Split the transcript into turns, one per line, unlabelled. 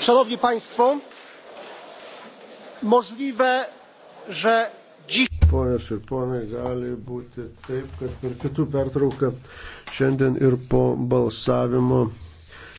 szanowni państwo możliwe że dziś Ponios ir ponai, gali būti taip,
kad per kitų pertrauką šiandien ir po balsavimo